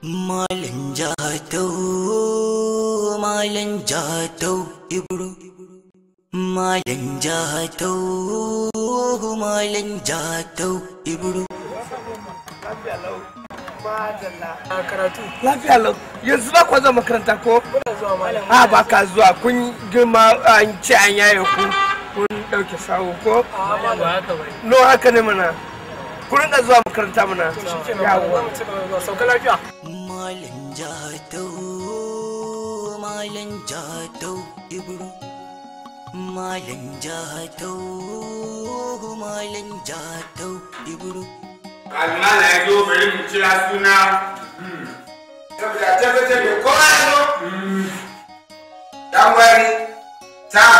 Malin jatau, malin jatau ibro. Malin jatau, malin jatau ibro. karatu lafiya lau yanzu ba kwa zuwa makaranta ko a ba ka zuwa kun girma an ah, ce an yaye ku kun dauke sawo ko ah, no haka ne mana ku rinka zuwa makaranta mana yawo sauka lafiya malam jatau malam ibro malam jatau malam jatau ibro kalmala ya zo bari mu kira suna saboda tabbatar da kowa ya zo hmm. dan wari ta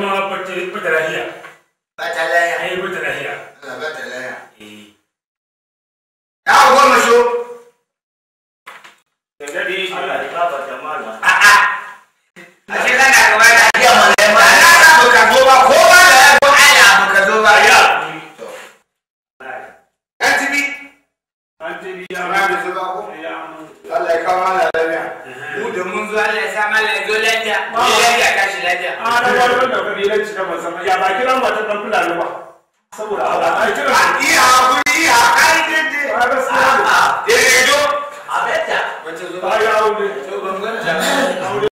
ما بتلاهية بتلاهية هي بتلاهية بتلاهية إيه يا أول ما شو تجدي على إطلاق الجمال آه آه Amma bai Allah ya kawo mana lafiya. Mu da mun zo Allah ya sa mana zo lafiya. Mu lafiya lafiya. A na wani wanda ka bilan ci ta ya ba kiran ba ta dan fulani ba. Saboda Allah ai A iya iya kai eh, A betta. Wace zo. Ba ya